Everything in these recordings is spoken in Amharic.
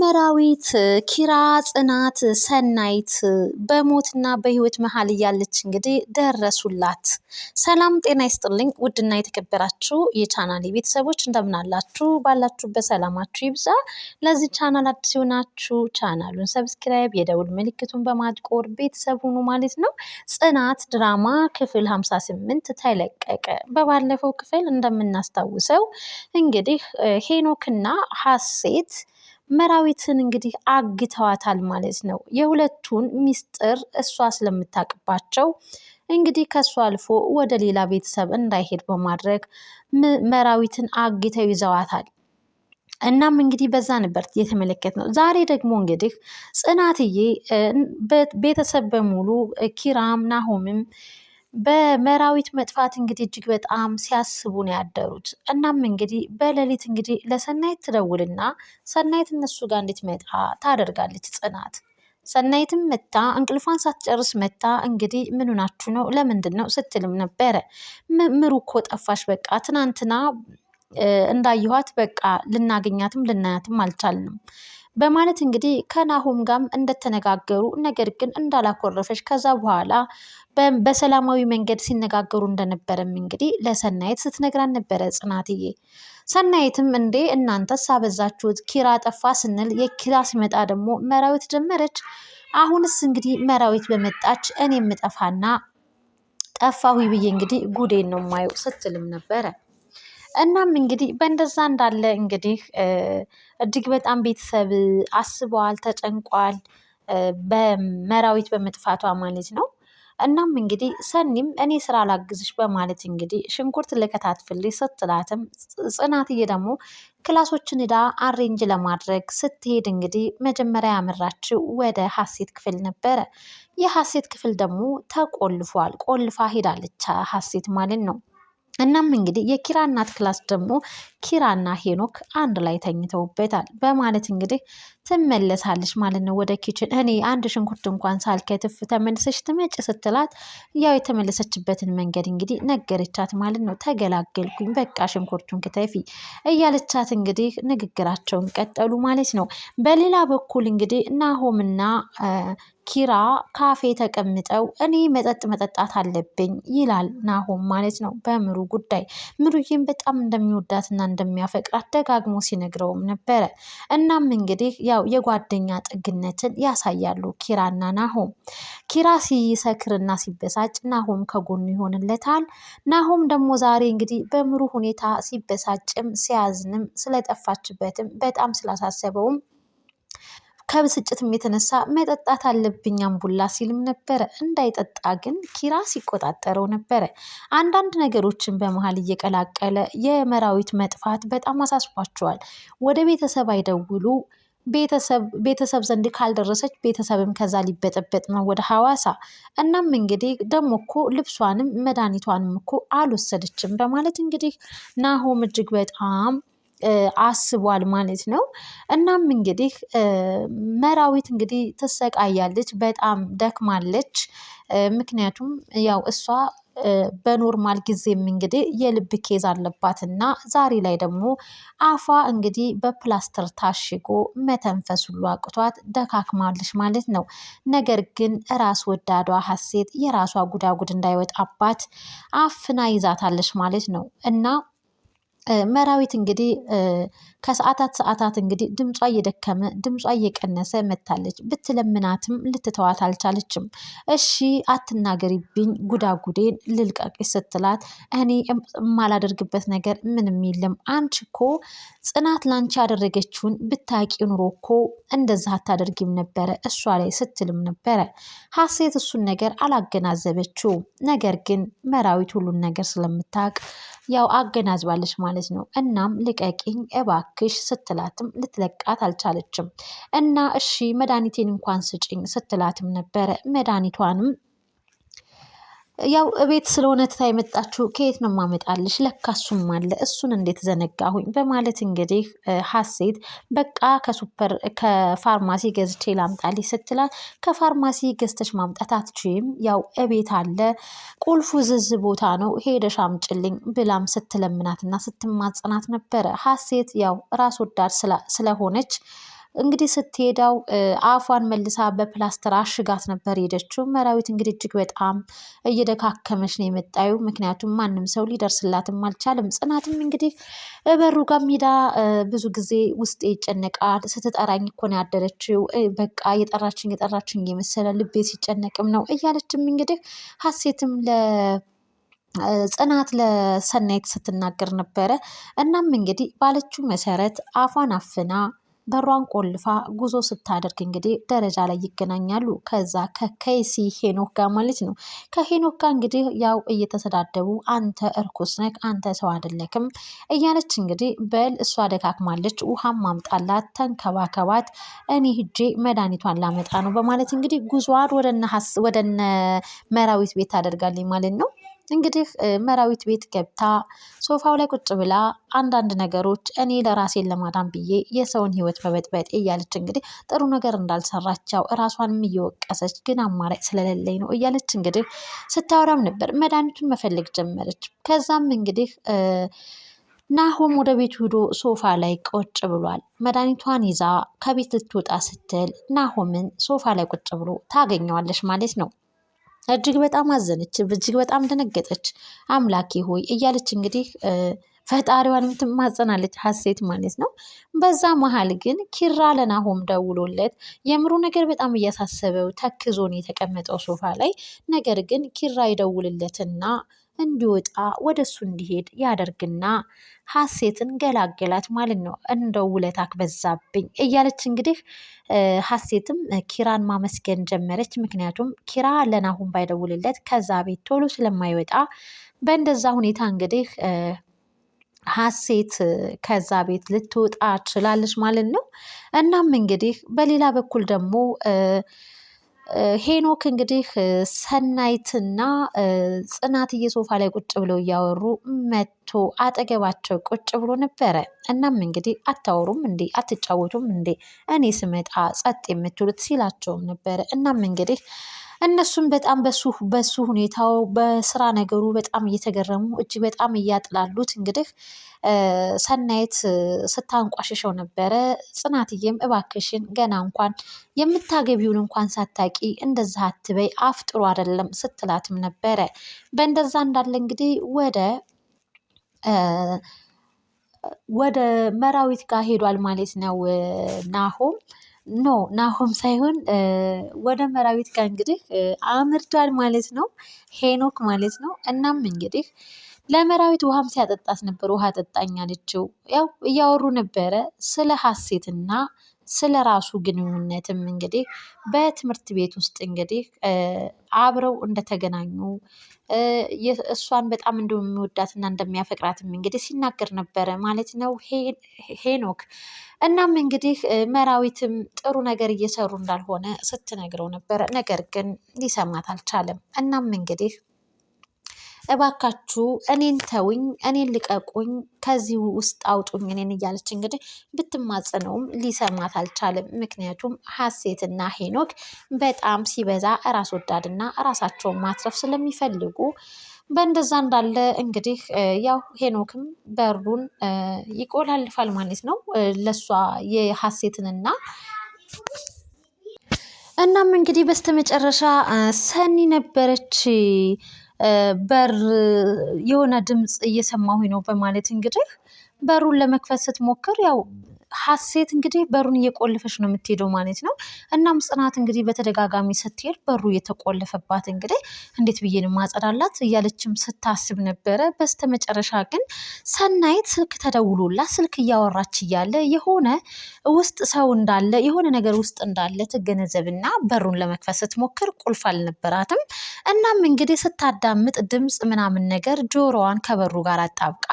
መራዊት ኪራ ጽናት ሰናይት በሞትና በህይወት መሀል እያለች እንግዲህ ደረሱላት። ሰላም ጤና ይስጥልኝ ውድና የተከበራችሁ የቻናል ቤተሰቦች እንደምናላችሁ ባላችሁበት ሰላማችሁ ይብዛ። ለዚህ ቻናል አዲስ ሲሆናችሁ ቻናሉን ሰብስክራይብ፣ የደውል ምልክቱን በማድቆር ቤተሰብ ሁኑ ማለት ነው። ጽናት ድራማ ክፍል 58 ተለቀቀ። በባለፈው ክፍል እንደምናስታውሰው እንግዲህ ሄኖክና ሀሴት መራዊትን እንግዲህ አግተዋታል ማለት ነው። የሁለቱን ሚስጥር እሷ ስለምታውቅባቸው እንግዲህ ከእሱ አልፎ ወደ ሌላ ቤተሰብ እንዳይሄድ በማድረግ መራዊትን አግተው ይዘዋታል። እናም እንግዲህ በዛ ነበር የተመለከትነው። ዛሬ ደግሞ እንግዲህ ጽናትዬ ቤተሰብ በሙሉ ኪራም ናሆምም በመራዊት መጥፋት እንግዲህ እጅግ በጣም ሲያስቡ ነው ያደሩት። እናም እንግዲህ በሌሊት እንግዲህ ለሰናይት ትደውልና ሰናይት እነሱ ጋር እንድትመጣ ታደርጋለች ጽናት። ሰናይትም መታ እንቅልፏን ሳትጨርስ መታ እንግዲህ ምን ሆናችሁ ነው ለምንድን ነው ስትልም ነበረ። ምሩ እኮ ጠፋሽ፣ በቃ ትናንትና እንዳየኋት በቃ ልናገኛትም ልናያትም አልቻልንም በማለት እንግዲህ ከናሆም ጋም እንደተነጋገሩ ነገር ግን እንዳላኮረፈች ከዛ በኋላ በሰላማዊ መንገድ ሲነጋገሩ እንደነበረም እንግዲህ ለሰናየት ስትነግራን ነበረ ጽናትዬ። ሰናየትም እንዴ እናንተስ አበዛችሁት፣ ኪራ ጠፋ ስንል የኪራ ሲመጣ ደግሞ መራዊት ጀመረች። አሁንስ እንግዲህ መራዊት በመጣች እኔ የምጠፋና ጠፋሁ ብዬ እንግዲህ ጉዴን ነው ማየው ስትልም ነበረ። እናም እንግዲህ በእንደዛ እንዳለ እንግዲህ እጅግ በጣም ቤተሰብ አስበዋል፣ ተጨንቋል በመራዊት በመጥፋቷ ማለት ነው። እናም እንግዲህ ሰኒም እኔ ስራ ላግዝሽ በማለት እንግዲህ ሽንኩርት ልከታትፍልሽ ስትላትም ጽናትዬ ደግሞ ክላሶችን ዳ አሬንጅ ለማድረግ ስትሄድ እንግዲህ መጀመሪያ ያመራችው ወደ ሀሴት ክፍል ነበረ። የሀሴት ክፍል ደግሞ ተቆልፏል። ቆልፋ ሄዳለች ሀሴት ማለት ነው። እናም እንግዲህ የኪራ እናት ክላስ ደግሞ ኪራና ሄኖክ አንድ ላይ ተኝተውበታል በማለት እንግዲህ ትመለሳለች ማለት ነው ወደ ኪችን። እኔ አንድ ሽንኩርት እንኳን ሳልከትፍ ተመልሰች ትመጭ ስትላት ያው የተመለሰችበትን መንገድ እንግዲህ ነገረቻት ማለት ነው። ተገላገልኩኝ፣ በቃ ሽንኩርቱን ክተፊ እያለቻት እንግዲህ ንግግራቸውን ቀጠሉ ማለት ነው። በሌላ በኩል እንግዲህ ናሆምና ኪራ ካፌ ተቀምጠው እኔ መጠጥ መጠጣት አለብኝ ይላል ናሆም ማለት ነው በምሩ ጉዳይ። ምሩዬን በጣም እንደሚወዳትና እንደሚያፈቅራት ደጋግሞ ሲነግረውም ነበረ። እናም እንግዲህ ያ ያው የጓደኛ ጥግነትን ያሳያሉ ኪራና ናሆም። ኪራ ሲሰክርና ሲበሳጭ ናሆም ከጎኑ ይሆንለታል። ናሆም ደግሞ ዛሬ እንግዲህ በምሩ ሁኔታ ሲበሳጭም ሲያዝንም ስለጠፋችበትም በጣም ስላሳሰበውም ከብስጭትም የተነሳ መጠጣት አለብኝ አምቡላ ሲልም ነበረ። እንዳይጠጣ ግን ኪራ ሲቆጣጠረው ነበረ። አንዳንድ ነገሮችን በመሀል እየቀላቀለ የመራዊት መጥፋት በጣም አሳስቧቸዋል። ወደ ቤተሰብ አይደውሉ ቤተሰብ ዘንድ ካልደረሰች ቤተሰብም ከዛ ሊበጠበጥ ነው ወደ ሐዋሳ። እናም እንግዲህ ደግሞ እኮ ልብሷንም መድኃኒቷንም እኮ አልወሰደችም በማለት እንግዲህ ናሆም እጅግ በጣም አስቧል ማለት ነው። እናም እንግዲህ መራዊት እንግዲህ ትሰቃያለች፣ በጣም ደክማለች። ምክንያቱም ያው እሷ በኖርማል ጊዜም እንግዲህ የልብ ኬዝ አለባት እና ዛሬ ላይ ደግሞ አፏ እንግዲህ በፕላስተር ታሽጎ መተንፈስ ሁሉ አቅቷት ደካክማለች ማለት ነው። ነገር ግን ራስ ወዳዷ ሀሴት የራሷ ጉዳጉድ እንዳይወጣባት አፍና ይዛታለች ማለት ነው እና መራዊት እንግዲህ ከሰዓታት ሰዓታት እንግዲህ ድምጿ እየደከመ ድምጿ እየቀነሰ መታለች። ብትለምናትም ልትተዋት አልቻለችም። እሺ አትናገሪብኝ ጉዳጉዴን ልልቀቅ ስትላት እኔ የማላደርግበት ነገር ምንም የለም። አንቺ እኮ ጽናት ላንቺ ያደረገችውን ብታቂ ኑሮ እኮ እንደዛ አታደርጊም ነበረ እሷ ላይ ስትልም ነበረ። ሀሴት እሱን ነገር አላገናዘበችው። ነገር ግን መራዊት ሁሉን ነገር ስለምታውቅ ያው አገናዝባለች ማለት ማለት ነው። እናም ልቀቂኝ እባክሽ ስትላትም ልትለቃት አልቻለችም እና እሺ መድኃኒቴን እንኳን ስጭኝ ስትላትም ነበረ መድኃኒቷንም ያው እቤት ስለሆነ ትታ የመጣችሁ ከየት ነው ማመጣልሽ? ለካ እሱም አለ እሱን እንዴት ዘነጋሁኝ? በማለት እንግዲህ ሀሴት በቃ ከሱፐር ከፋርማሲ ገዝቼ ላምጣልኝ ስትላት ከፋርማሲ ገዝተሽ ማምጣት አትችይም፣ ያው እቤት አለ ቁልፉ ዝዝ ቦታ ነው ሄደሽ አምጭልኝ ብላም ስትለምናትና ስትማጽናት ነበረ። ሀሴት ያው ራስ ወዳድ ስለሆነች እንግዲህ ስትሄዳው አፏን መልሳ በፕላስተር አሽጋት ነበር ሄደችው። መራዊት እንግዲህ እጅግ በጣም እየደካከመች ነው የመጣዩ። ምክንያቱም ማንም ሰው ሊደርስላትም አልቻለም። ጽናትም እንግዲህ በሩ ጋር ሜዳ ብዙ ጊዜ ውስጤ ይጨነቃል። ስትጠራኝ እኮ ነው ያደረችው። በቃ የጠራችኝ የጠራችኝ የመሰለ ልቤ ሲጨነቅም ነው እያለችም እንግዲህ ሀሴትም ለ ጽናት ለሰናይት ስትናገር ነበረ። እናም እንግዲህ ባለችው መሰረት አፏን አፍና በሯን ቆልፋ ጉዞ ስታደርግ እንግዲህ ደረጃ ላይ ይገናኛሉ። ከዛ ከከይሲ ሄኖክ ጋር ማለት ነው። ከሄኖክ ጋር እንግዲህ ያው እየተሰዳደቡ አንተ እርኩስ ነክ፣ አንተ ሰው አይደለክም እያለች እንግዲህ በል እሷ ደካክማለች፣ ውሃም ማምጣላት፣ ተንከባከባት፣ እኔ ሂጄ መድኃኒቷን ላመጣ ነው በማለት እንግዲህ ጉዞዋን ወደነ መራዊት ቤት ታደርጋለች ማለት ነው። እንግዲህ መራዊት ቤት ገብታ ሶፋው ላይ ቁጭ ብላ አንዳንድ ነገሮች እኔ ለራሴን ለማዳን ብዬ የሰውን ህይወት መበጥበጥ እያለች እንግዲህ ጥሩ ነገር እንዳልሰራቸው እራሷንም እየወቀሰች ግን አማራጭ ስለሌለኝ ነው እያለች እንግዲህ ስታወራም ነበር። መድኃኒቱን መፈለግ ጀመረች። ከዛም እንግዲህ ናሆም ወደ ቤቱ ሂዶ ሶፋ ላይ ቁጭ ብሏል። መድኃኒቷን ይዛ ከቤት ልትወጣ ስትል ናሆምን ሶፋ ላይ ቁጭ ብሎ ታገኘዋለች ማለት ነው። እጅግ በጣም አዘነች እጅግ በጣም ደነገጠች አምላኬ ሆይ እያለች እንግዲህ ፈጣሪዋን የምትማጸናለች ሀሴት ማለት ነው። በዛ መሀል ግን ኪራ ለናሆም ደውሎለት የምሩ ነገር በጣም እያሳሰበው ተክዞን የተቀመጠው ሶፋ ላይ ነገር ግን ኪራ ይደውልለትና እንዲወጣ ወደ እሱ እንዲሄድ ያደርግና ሀሴትን ገላገላት ማለት ነው። እንደው ውለታክ በዛብኝ እያለች እንግዲህ ሀሴትም ኪራን ማመስገን ጀመረች። ምክንያቱም ኪራ ለናሁን ባይደውልለት ከዛ ቤት ቶሎ ስለማይወጣ በእንደዛ ሁኔታ እንግዲህ ሀሴት ከዛ ቤት ልትወጣ ችላለች ማለት ነው። እናም እንግዲህ በሌላ በኩል ደግሞ ሄኖክ እንግዲህ ሰናይትና ጽናትዬ ሶፋ ላይ ቁጭ ብለው እያወሩ መቶ አጠገባቸው ቁጭ ብሎ ነበረ። እናም እንግዲህ አታወሩም እንዴ አትጫወቱም እንዴ እኔ ስመጣ ጸጥ የምትሉት ሲላቸውም ነበረ። እናም እንግዲህ እነሱም በጣም በሱ በሱ ሁኔታው በስራ ነገሩ በጣም እየተገረሙ እጅግ በጣም እያጥላሉት እንግዲህ ሰናይት ስታንቋሽሸው ነበረ። ጽናትዬም እባክሽን ገና እንኳን የምታገቢውን እንኳን ሳታቂ እንደዛ አትበይ፣ አፍጥሮ አይደለም ስትላትም ነበረ። በእንደዛ እንዳለ እንግዲህ ወደ ወደ መራዊት ጋር ሄዷል ማለት ነው ናሆም ኖ ናሆም ሳይሆን ወደ መራዊት ጋር እንግዲህ አምርቷል ማለት ነው፣ ሄኖክ ማለት ነው። እናም እንግዲህ ለመራዊት ውሃም ሲያጠጣት ነበር። ውሃ ጠጣኝ አለችው። ያው እያወሩ ነበረ ስለ ሀሴትና ስለ ራሱ ግንኙነትም እንግዲህ በትምህርት ቤት ውስጥ እንግዲህ አብረው እንደተገናኙ እሷን በጣም እንደሚወዳትና እንደሚያፈቅራትም እንግዲህ ሲናገር ነበረ ማለት ነው ሄኖክ። እናም እንግዲህ መራዊትም ጥሩ ነገር እየሰሩ እንዳልሆነ ስትነግረው ነበረ። ነገር ግን ሊሰማት አልቻለም። እናም እንግዲህ እባካችሁ እኔን ተውኝ፣ እኔን ልቀቁኝ፣ ከዚህ ውስጥ አውጡኝ እኔን እያለች እንግዲህ ብትማጽነውም ሊሰማት አልቻለም። ምክንያቱም ሀሴትና ሄኖክ በጣም ሲበዛ ራስ ወዳድና ራሳቸውን ማትረፍ ስለሚፈልጉ በእንደዛ እንዳለ እንግዲህ ያው ሄኖክም በሩን ይቆላልፋል ማለት ነው ለእሷ የሀሴትንና እናም እንግዲህ በስተመጨረሻ ሰኒ ነበረች በር የሆነ ድምፅ እየሰማሁኝ ነው በማለት እንግዲህ በሩን ለመክፈት ስትሞክር ያው ሀሴት እንግዲህ በሩን እየቆለፈች ነው የምትሄደው ማለት ነው። እናም ጽናት እንግዲህ በተደጋጋሚ ስትሄድ በሩ እየተቆለፈባት እንግዲህ እንዴት ብዬን ማጸዳላት እያለችም ስታስብ ነበረ። በስተመጨረሻ ግን ሰናይት ስልክ ተደውሎላት ስልክ እያወራች እያለ የሆነ ውስጥ ሰው እንዳለ የሆነ ነገር ውስጥ እንዳለ ትገነዘብና በሩን ለመክፈት ስትሞክር ቁልፍ አልነበራትም። እናም እንግዲህ ስታዳምጥ ድምፅ ምናምን ነገር ጆሮዋን ከበሩ ጋር አጣብቃ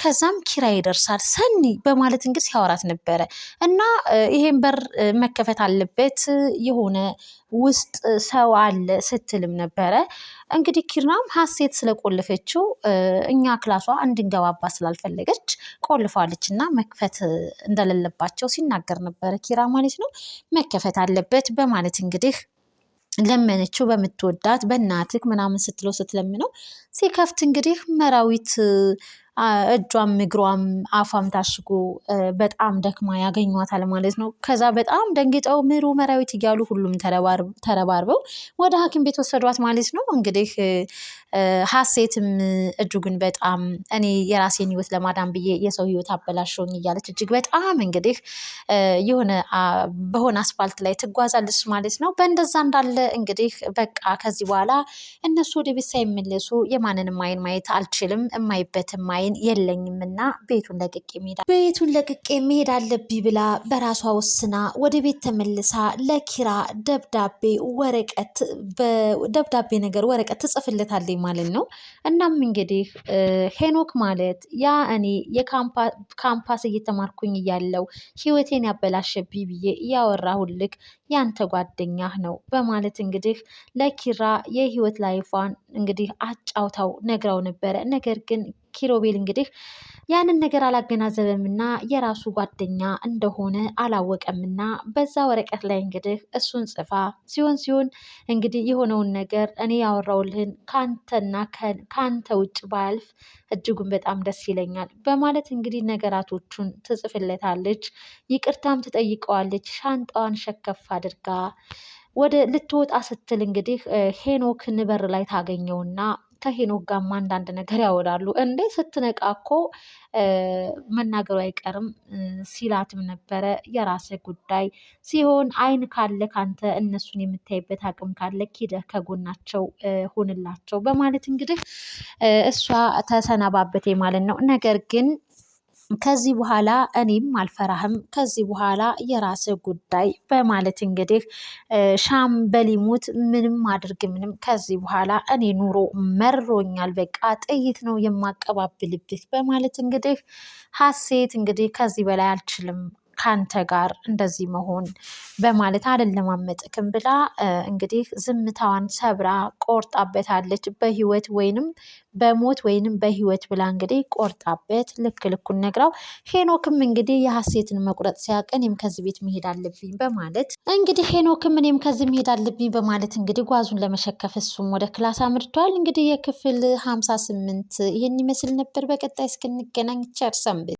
ከዛም ኪራ ይደርሳል ሰኒ በማለት እንግዲህ ሲያወራት ነበረ እና ይሄን በር መከፈት አለበት የሆነ ውስጥ ሰው አለ ስትልም ነበረ። እንግዲህ ኪራም ሀሴት ስለቆለፈችው እኛ ክላሷ እንድንገባባ ስላልፈለገች ቆልፋለች እና መክፈት እንደሌለባቸው ሲናገር ነበረ ኪራ ማለት ነው። መከፈት አለበት በማለት እንግዲህ ለመነችው በምትወዳት በእናትህ ምናምን ስትለው ስትለምነው ሲከፍት እንግዲህ መራዊት እጇም እግሯም አፏም ታሽጎ በጣም ደክማ ያገኟታል ማለት ነው። ከዛ በጣም ደንግጠው ምሩ መራዊት እያሉ ሁሉም ተረባርበው ወደ ሐኪም ቤት ወሰዷት ማለት ነው። እንግዲህ ሀሴትም እጅጉን በጣም እኔ የራሴን ህይወት ለማዳን ብዬ የሰው ህይወት አበላሸውኝ እያለች እጅግ በጣም እንግዲህ የሆነ በሆነ አስፋልት ላይ ትጓዛለች ማለት ነው። በእንደዛ እንዳለ እንግዲህ በቃ ከዚህ በኋላ እነሱ ወደ ቤት ሳይመለሱ የማንንም አይን ማየት አልችልም። እማይበትም አይን የለኝም እና ቤቱን ለቅቄ መሄድ ቤቱን ለቅቄ መሄድ አለብኝ ብላ በራሷ ወስና ወደ ቤት ተመልሳ ለኪራ ደብዳቤ ወረቀት በደብዳቤ ነገር ወረቀት ትጽፍለታለች ማለት ነው። እናም እንግዲህ ሄኖክ ማለት ያ እኔ የካምፓስ እየተማርኩኝ እያለው ህይወቴን ያበላሸብኝ ብዬ እያወራሁልክ ያንተ ጓደኛህ ነው በማለት እንግዲህ ለኪራ የህይወት ላይፏን እንግዲህ አጫውታው ነግራው ነበረ። ነገር ግን ኪሮቤል እንግዲህ ያንን ነገር አላገናዘበምና የራሱ ጓደኛ እንደሆነ አላወቀምና በዛ ወረቀት ላይ እንግዲህ እሱን ጽፋ ሲሆን ሲሆን እንግዲህ የሆነውን ነገር እኔ ያወራውልህን ከአንተና ከአንተ ውጭ ባያልፍ እጅጉን በጣም ደስ ይለኛል በማለት እንግዲህ ነገራቶቹን ትጽፍለታለች። ይቅርታም ትጠይቀዋለች። ሻንጣዋን ሸከፍ አድርጋ ወደ ልትወጣ ስትል እንግዲህ ሄኖክ በር ላይ ታገኘውና ከሄኖክ ጋርም አንዳንድ ነገር ያወራሉ። እንዴ ስትነቃ እኮ መናገሩ አይቀርም ሲላትም ነበረ። የራሰ ጉዳይ ሲሆን አይን ካለ ካንተ እነሱን የምታይበት አቅም ካለ ሂደህ ከጎናቸው ሆንላቸው በማለት እንግዲህ እሷ ተሰናባበቴ ማለት ነው። ነገር ግን ከዚህ በኋላ እኔም አልፈራህም ከዚህ በኋላ የራስ ጉዳይ በማለት እንግዲህ ሻምበል ይሙት ምንም አድርግ ምንም ከዚህ በኋላ እኔ ኑሮ መሮኛል፣ በቃ ጥይት ነው የማቀባብልብህ በማለት እንግዲህ ሀሴት እንግዲህ ከዚህ በላይ አልችልም ከአንተ ጋር እንደዚህ መሆን በማለት አልለማመጥክም ብላ እንግዲህ ዝምታዋን ሰብራ ቆርጣበታለች። በህይወት ወይንም በሞት ወይንም በህይወት ብላ እንግዲህ ቆርጣበት ልክ ልኩን ነግራው፣ ሄኖክም እንግዲህ የሀሴትን መቁረጥ ሲያቀን እኔም ከዚህ ቤት መሄድ አለብኝ በማለት እንግዲህ ሄኖክም እኔም ከዚህ መሄድ አለብኝ በማለት እንግዲህ ጓዙን ለመሸከፍ እሱም ወደ ክላስ አምርቷል። እንግዲህ የክፍል ሀምሳ ስምንት ይህን ይመስል ነበር። በቀጣይ እስክንገናኝ ቸር ሰንብት።